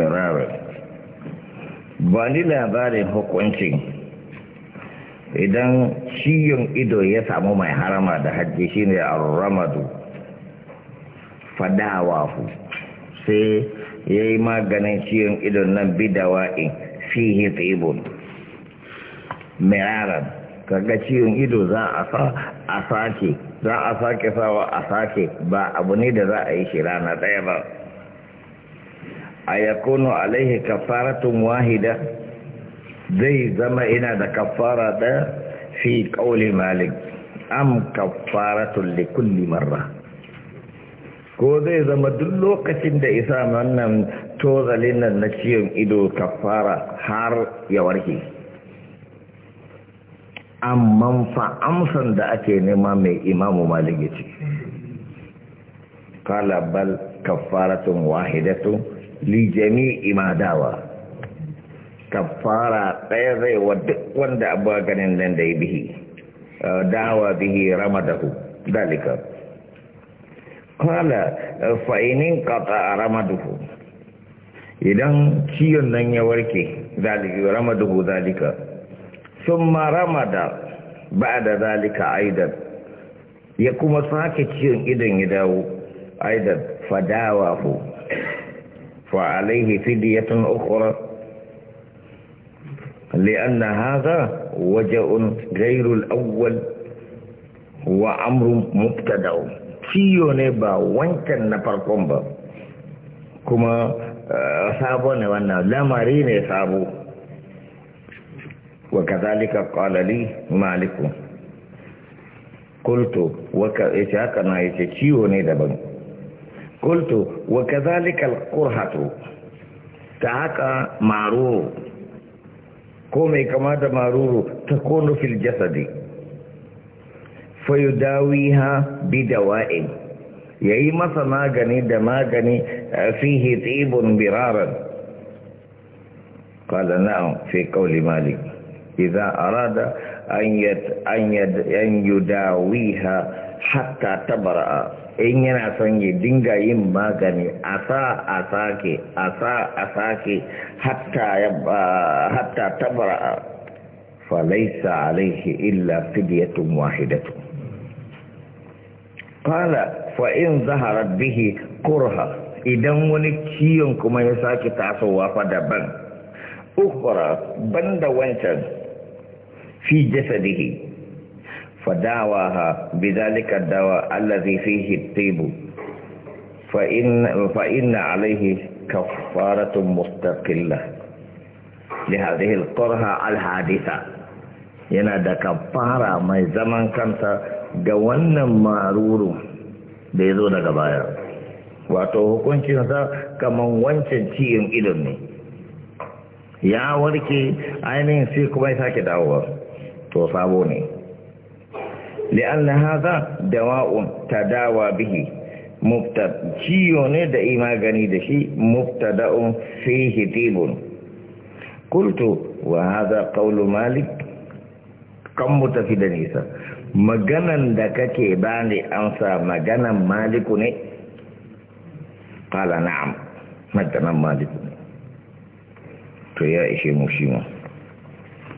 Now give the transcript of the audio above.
mirarar ba ni labarin hukuncin idan ciyon ido ya samu mai harama da hajji shi ne a ramadu hu sai ya yi maganin ciyon idon nan fi hita mai mirarar kaga ciyon ido za a sa a sake za a sake sawa a sake ba abu ne da za a yi shi rana ɗaya ba a yakunu alaihi kafaratun wahida zai zama ina da kafara da fi kauli malik am kafaratun likulli marra ko zai zama duk lokacin da isa wannan tozalin nan na ciyon ido kafara har ya warke amma fa amsan da ake nema mai imamu malik ya ce kala bal kafaratun wahidatun lijami imadawa kafara ɗaya zai wa duk wanda abuwa ganin nan da ya bihi dawa bihi ramadahu dalika kala fa'inin kata a ramadahu idan ciyon nan ya warke ramadahu dalika sun ma ramada ba da dalika aidan ya kuma sake ciyon idan ya dawo aidan fadawa ku fa alaihe fidiya sun uƙuri li'an hadha waje on gairu awu wa amru mukta dau ciwo ba wankan na farkon ba kuma sabuwar ne wannan lamari ne sabu wakazalika kwalabi maliku koltun wakar ita yakan na ita ciwo ne daban. قلت وكذلك القرحة تعاكى معرور قومي كما معرور تكون في الجسد فيداويها بدواء يأي مثلا ماغني دماغني فيه طيب برارا قال نعم في قول مالك إذا أراد an yudawiha hatta tabara in yana son ya dinga yin magani a sa a sake a sa a sake hatta tabara falaisa alaihi illa fidiyatun wahidatu kala in zaharar bihi qurha idan wani ciyon kuma ya sake tasowa fa daban ukhra banda wancan fi jasadihi fadawaha bidzalika dawa allazi fihi tibu fa inna fa inna alayhi kafaratun mustaqilla li hadhihi alqarha alhadisa yana da kafara mai zaman kansa ga wannan maruru da ya zo daga baya wato hukuncin sa kaman wancan ciyin idon ne ya warke ainihin sai kuma ya sake dawowa to sabo ne an hadha dawa'un tadawa bihi mubtada ciyo ne da imagani da shi mubtada'un fihi tibun qultu wa hadha qawlu malik kan mu tafi da nisa maganan da kake bani amsa maganan maliku ne qala na'am maganan maliku ne to ya ishe mu ma